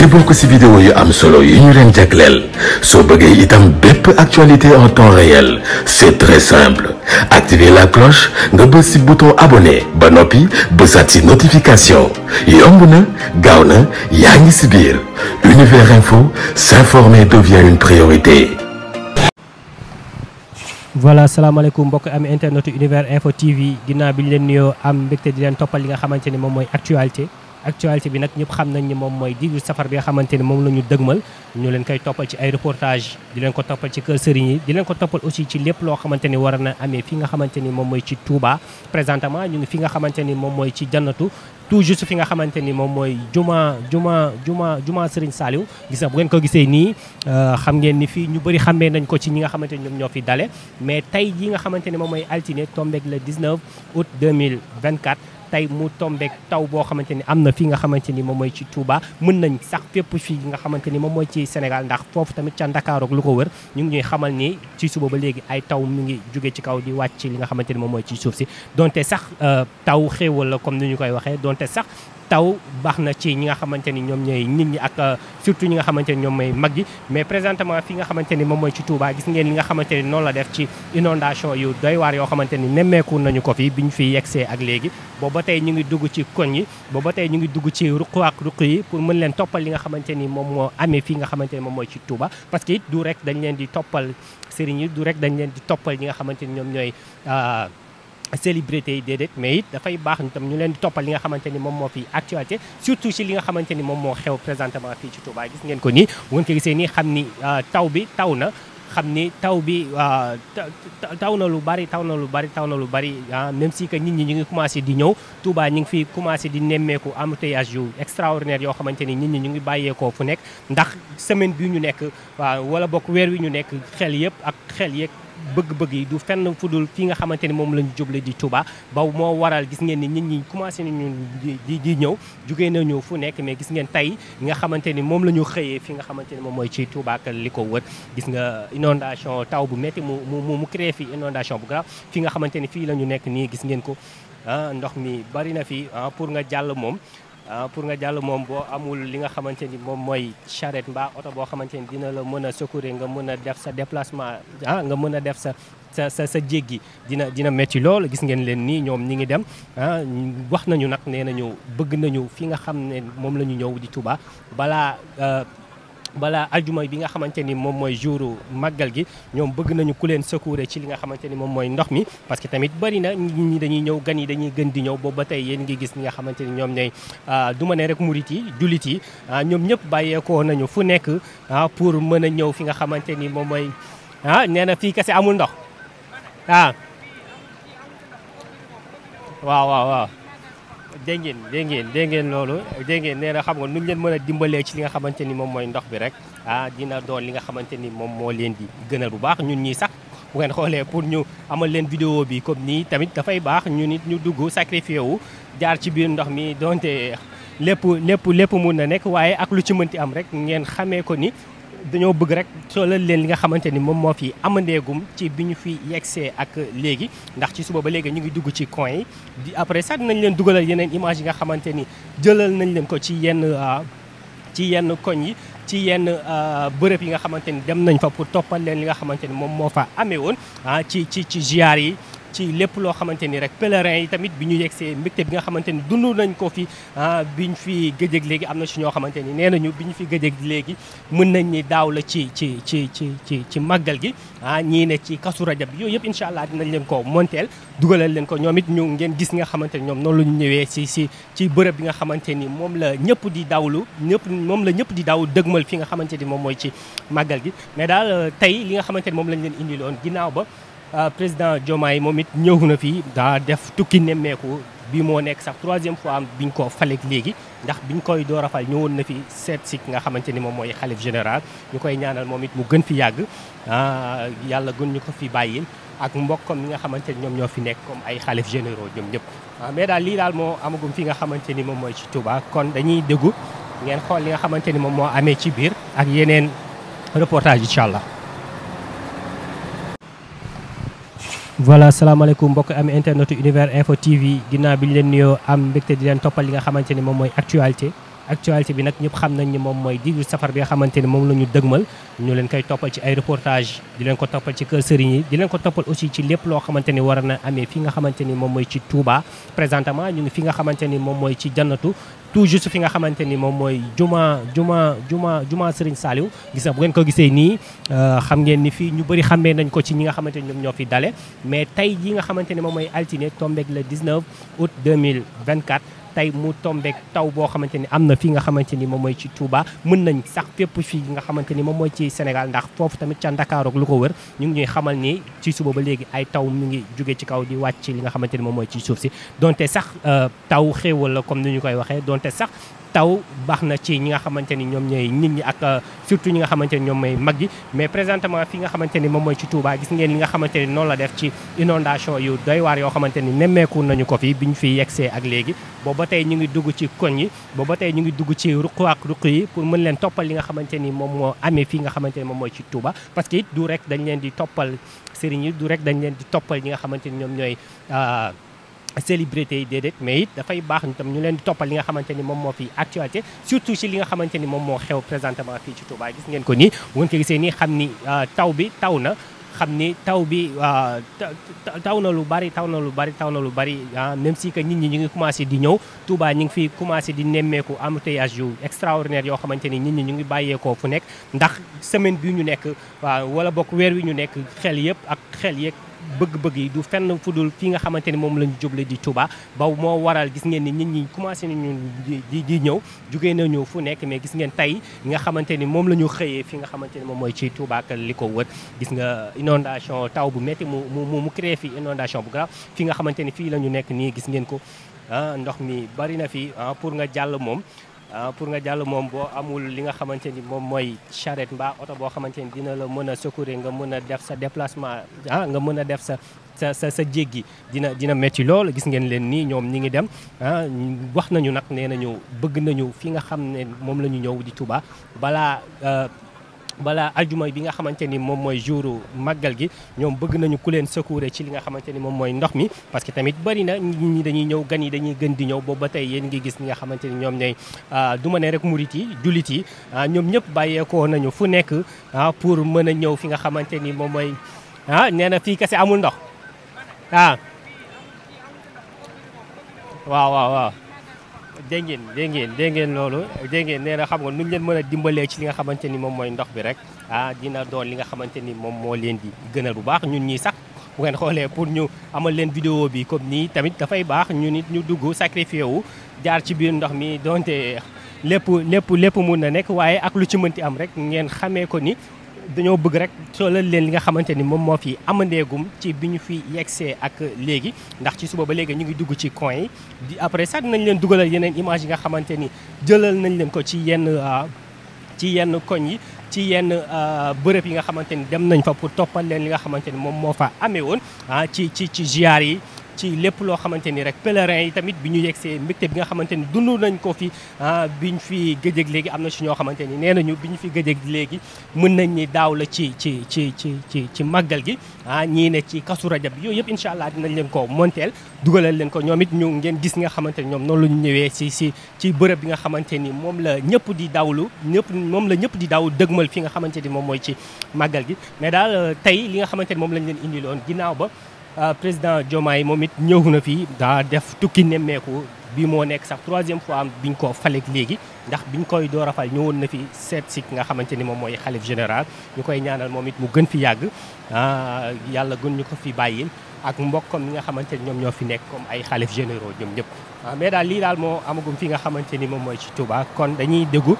ci bokk si vidéo yu am solo yu ñu leen jagleel soo bëggee tam bépp actualité en temps réel c'est très simple activer la cloche nga bës si bouton abonné ba noppi bësaat si notification yomb na gaaw na yaa ngi si biir univers info s'informer devient une priorité. voilà mbokk am internet univers info TV ginnaaw bi ñu leen nuyoo am mbégte di leen toppal li nga xamante ni moom mooy actualité. actualité bi nag ñëpp xam nañ ni moom mooy diggu safar bi nga xamante ni moom la ñu dëgmal ñu leen koy toppal ci ay reportage di leen ko toppal ci kër sëriñ yi di leen ko toppal aussi ci lépp loo xamante ni war a na amee fi nga xamante ni moom mooy ci Touba présentement ñu ngi fi nga xamante ni moom mooy ci jannatu tout juste fi nga xamante ni moom mooy juma juma juma juma Serigne Saliou gis bu ngeen ko gisee nii euh, xam ngeen ni fii ñu bëri xamee nañ ko ci ñi nga xamante ni ñoom ñoo fi dale mais tey ji xamante ni moom mooy altine tombeeg le 19 août 2024 tey mu tombeeg taw boo xamante ni am na fi nga xamante ni moom mooy ci Touba mën nañ sax fépp fii nga xamante ni moom mooy ci Sénégal ndax foofu tamit ca ndakaarook lu ko wër ñu ngi ñuy xamal ni ci suba ba léegi ay taw mu ngi jóge ci kaw di wàcc li nga xamante ni moom mooy ci suuf si donte sax euh, taw xéewal la comme ni ñu koy waxee donte te sax taw baax na ci ñi nga xamante ni ñoom ñooy nit ñi ak euh, surtout ñi nga xamante ni ñoom mooy mag yi mais présentement fi nga xamante ni moom mooy ci Touba gis ngeen li nga xamante ni noonu la def ci inondation yu doy waar yoo xamante ni nemmeeku nañu ko fi bi ñu fi yegsee ak léegi booba tey ñu ngi dugg ci koñ yi booba tey ñu ngi dugg ci ruq ak ruq yi pour mën leen toppal li nga xamante ni moom moo amee fii nga xamante ni moom mooy ci Touba parce que it du rek dañ leen di toppal sëriñ yi du rek dañ leen di toppal ñi nga xamante ni ñoom ñooy euh, célébrité yi déedéet mais it dafay baax tam ñu leen di toppal li nga xamante ni moom moo fi actualité surtout ci li nga xamante ni moom moo xew présentement fii ci Touba gis ngeen ko nii bu ngeen ko gisee nii xam ni euh, taw bi taw na xam ni taw bi euh, taw na lu bari taw na lu bari taw na lu bari ah même si que nit ñi ñu ngi commencé di ñëw Touba ñu ngi fi commencé di nemmeeku embouteillage yu extraordinaire yoo xamante ni nit ñi ñu ngi bàyyeekoo fu nekk ndax semaine bi ñu nekk wala bokk weer wi ñu nekk xel yëpp ak xel yëpp bëgg-bëgg yi du fenn dul fii nga xamante ni moom lañu juble di Touba ba moo waral gis ngeen ni nit ñi commencé nañu di di ñëw jugee nañu fu nekk mais gis ngeen tey nga xamante ni moom la ñu xëyee fi nga xamante ni moom mooy ci Touba ak li ko wër gis nga inondation taw bu métti mu mu mu créé fi inondation bu grave fi nga xamante ni fii la ñu nekk nii gis ngeen ko ah, ndox mi bari na fi ah, pour nga jàll moom Euh, pour nga jàll moom boo amul li nga xamante ni moom mooy charrette mbaa oto boo xamante ni dina la mën a secourir nga mën a def sa déplacement ah nga mën a def sa sa sa sa jéggi dina dina métti lool gis ngeen leen nii ñoom ñu ngi dem ah wax nañu nag nee nañu bëgg nañu fi nga xam ne moom la ñu ñëw di Touba balaa euh, balaa ajuma bi nga xamante ni moom mooy jouru màggal gi ñoom bëgg nañu ku leen secourer ci li nga xamante ni moom mooy ndox mi parce que tamit bari na nit ñi dañuy ñëw gan yi dañuy gën di ñëw boobu ba tey yéen ngi gis ñi nga xamante ni ñoom ñooy ah, du ma ne rek murit yi jullit yi ah, ñoom ñëpp bàyyeekoo nañu fu nekk ah, pour mën a ñëw fi nga xamante ni moom mooy ah nee na fii kese amul ndox ah waaw waaw dégg ngeen dégg ngeen ngeen loolu dégg ngeen xam nga nu ñu leen mën a dimbalee ci li nga xamante ni moom mooy ndox bi rek ah dina doon li nga xamante ni moom moo leen di gënal bu baax ñun ñii sax bu ngeen xoolee pour ñu amal leen vidéo bi comme nii tamit dafay baax ñu nit ñu dugg sacrifié wu jaar ci biir ndox mi donte lépp lépp lépp mun na nekk waaye ak lu ci mënti am rek ngeen xamee ko ni dañoo bëgg rek solal leen li nga xamante ni moom moo fi amandeegum ci bi ñu fi yegsee ak léegi ndax ci suba ba léegi ñu ngi dugg ci coin yi di après sax nañ leen dugalal yeneen image yi nga xamante ni jëlal nañ leen ko ci yenn euh, ci yenn koñ yi ci yenn euh, bërëb yi nga xamante ni dem nañ fa pour toppal leen li nga xamante ni moom moo fa amee woon ah, ci ci ci ziar yi ci lépp loo xamante ni rek pèlerin yi tamit bi ñu yegsee mbégte bi nga xamante ni dund nañ ko fi ah, bi ñu fi gëjëg léegi am na si ñoo xamante ni nee nañu bi ñu fi gëjëg léegi mën nañ ni daaw la ci ci ci ci ci ci màggal gi ah ñii ne ci kasu rajab bi yooyu yëpp incha allah dinañ leen ko monteel dugalal leen ko ñoom it ñu ngeen gis nga xamante ni ñoom noonu la ñëwee si si ci bërëb bi nga xamante ni moom la ñëpp di dawlu ñëpp moom la ñëpp di daaw dëgmal fi nga xamante ni moom mooy ci màggal gi mais daal tey li nga xamante ni moom lañu leen indiloon ginnaaw ba Euh, président Diomaye moom it ñëw na fii daa def tukki nemmeeku bii moo nekk sax troisième fois am biñ ko faleek léegi ndax biñ koy door a fal ñëwoon na fi seet si nga xamante ni moom mooy xalif général ñu koy ñaanal moom it mu gën fi yàgg ah, yàlla gën ñu ko fi bàyyil ak mbokkam ñi nga xamante ni ñoom ñoo fi nekk comme ay xalif généraux ñoom ñëpp ah, mais daal lii daal moo amagum fi nga xamante ni moom mooy ci Touba kon dañuy déggu ngeen xool li nga xamante ni moom moo amee ci biir ak yeneen reportage incha allah voilà salaamaaleykum mbokk am internetu univers info TV ginnaaw bi ñu leen nuyoo am mbégte di leen toppal li nga xamante ni moom mooy actualté actualité bi nag ñëpp xam nañ ni moom mooy diggu safar bi nga xamante ni moom la ñu dëgmal ñu leen koy toppal ci ay reportage di leen ko toppal ci kër sëriñ yi di leen ko toppal aussi ci lépp loo xamante ni war na amee fi nga xamante ni moom mooy ci Touba présentement ñu ngi fi nga xamante ni moom mooy ci jannatu tout juste fi nga xamante ni moom mooy juma juma juma juma sëriñ Saliou gis na bu ngeen ko gisee nii euh, xam ngeen ni fii ñu bëri xammee nañ ko ci ñi nga xamante ni ñoom ñoo fi dale mais tey yi nga xamante moom mooy altine tombeeg le 19 août 2024 tey mu tombeek taw boo xamante ni am na fi nga xamante ni moom mooy ci Touba mën nañ sax fépp fii nga xamante ni moom mooy ci Sénégal ndax foofu tamit ca Ndakaar lu ko wër ñu ngi ñuy xamal ni ci suba ba léegi ay taw mu ngi jóge ci kaw di wàcc li nga xamante ni moom mooy ci suuf si donte sax euh, taw xéewal la comme ni ñu koy waxee donte sax taw baax na ci ñi nga xamante ni ñoom ñooy nit ñi ak euh, surtout ñi nga xamante ni ñoom mooy mag yi mais présentement fi nga xamante ni moom mooy ci Touba gis ngeen li nga xamante ni noonu la def ci inondation yu doy yoo xamante ni nemmeeku nañu ko fi bi ñu fi yegsee ak léegi booba tey ñu ngi dugg ci koñ yi booba tey ñu ngi dugg ci ruq ak ruq yi pour mën leen toppal li nga xamante ni moom moo amee fii nga xamante ni moom mooy ci Touba parce que it du rek dañ leen di toppal sëriñ yi du rek dañ leen di toppal ñi nga xamante ni ñoom ñooy euh, célébrité yi déedéet mais it dafay baax ñu tam ñu leen di toppal li nga xamante ni moom moo fi actualité surtout ci li nga xamante ni moom moo xew présentement fii ci Touba gis ngeen ko nii bu ngeen ko gisee nii xam ni euh, taw bi taw na xam ni taw bi euh, taw na lu bari taw na lu bari taw na lu bari ah, même si que nit ñi ñu ngi commencé di ñëw Touba ñu ngi fi commencé di nemmeeku embouteillage yu extraordinaire yoo xamante ni nit ñi ñu ngi bàyyeekoo fu nekk ndax semaine bi ñu nekk wala bokk weer wi ñu nekk xel yëpp ak xel yëpp bëgg-bëgg yi du fenn dul fi nga xamante ni moom lañu juble di Touba ba moo waral gis ngeen ni nit ñi commencé nañu di di ñëw jugee nañu fu nekk mais gis ngeen tey nga xamante ni moom la ñu xëyee fi nga xamante ni moom mooy ci Touba li ko wër gis nga inondation taw bu métti mu mu mu créé fi inondation bu grave fi nga xamante ni fii la ñu nekk nii gis ngeen ko ah, ndox mi bari na fi ah, pour nga jàll moom Euh, pour nga jàll moom boo amul li nga xamante ni moom mooy charrette mbaa oto boo xamante ni dina la mën a secourir nga mën a def sa déplacement ah nga mën a def sa sa sa sa jéggi dina dina métti lool gis ngeen leen nii ñoom ñu ngi dem ah wax nañu nag nee nañu bëgg nañu fi nga xam ne moom la ñu ñëw di Touba balaa. Euh, balaa ajuma bi nga xamante ni moom mooy jouru màggal gi ñoom bëgg nañu ku leen secouré ci li nga xamante ni moom mooy ndox mi parce que tamit bari na nit ñi dañuy ñëw gan yi dañuy gën di ñëw boobu ba tey yéen ngi gis ñi nga xamante ni ñoom ñooy ah, du ma ne rek murit yi jullit yi ah, ñoom ñëpp bàyyeekoo nañu fu nekk ah, pour mën a ñëw fi nga xamante ni moom mooy ah nee na fii kese amul ndox ah waaw waaw dégg ngeen dégg ngeen dégg ngeen loolu dégg ngeen nee na xam nga nu ñu leen mën a dimbalee ci li nga xamante ni moom mooy ndox bi rek ah dina doon li nga xamante ni moom moo leen di gënal bu baax ñun ñii sax bu ngeen xoolee pour ñu amal leen vidéo bi comme nii tamit dafay baax ñu nit ñu dugg sacrifié jaar ci biir ndox mi donte lépp lépp lépp mun na nekk waaye ak lu ci mënti am rek ngeen xamee ko ni dañoo bëgg rek solal leen li nga xamante ni moom moo fi amandeegum ci bi ñu fi yegsee ak léegi ndax ci suba ba léegi ñu ngi dugg ci coin yi di après sax nañ leen dugalal yeneen image yi nga xamante ni jëlal nañ leen ko ci yenn euh, ci yenn koñ yi ci yenn euh, bërëb yi nga xamante ni dem nañ fa pour toppal leen li nga xamante ni moom moo fa amee woon ah, ci ci ci ziar yi ci lépp loo xamante ni rek pèlerin yi tamit bi ñu yegsee mbégte bi nga xamante ni dund nañ ko fi ah, bi ñu fi gëjëg léegi am na si ñoo xamante ni nee nañu bi ñu fi gëjëg léegi mën nañ ni daaw la ci ci ci ci ci ci màggal gi ah ñii ne ci kasu rajab bi yooyu yëpp incha allah dinañ leen ko monteel dugalal leen ko ñoom it ñu ngeen gis nga xamante ni ñoom noonu la ñu ñëwee si si ci bërëb bi nga xamante ni moom la ñëpp di dawlu ñëpp moom la ñëpp di daaw dëgmal fi nga xamante ni moom mooy ci màggal gi mais daal tey li nga xamante ni moom lañ leen indiloon ginnaaw ba Euh, président Diomaye moom it ñëw na fi daa def tukki nemmeeku bii moo nekk sax troisième fois am biñ ko faleek léegi ndax biñ koy door a fal ñëwoon na fi seet si nga xamante ni moom mooy xalif général ñu koy ñaanal moom it mu gën fi yàgg ah, yàlla gën ñu ko fi bàyyil ak mbokkam yi nga xamante ni ñoom ñoo fi nekk comme ay xalif généraux ñoom ñëpp ah, mais daal lii daal moo amagum fi nga xamante ni moom mooy ci Touba kon dañuy déggu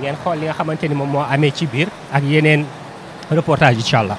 ngeen xool li nga xamante ni moom moo amee ci biir ak yeneen reportage incha allah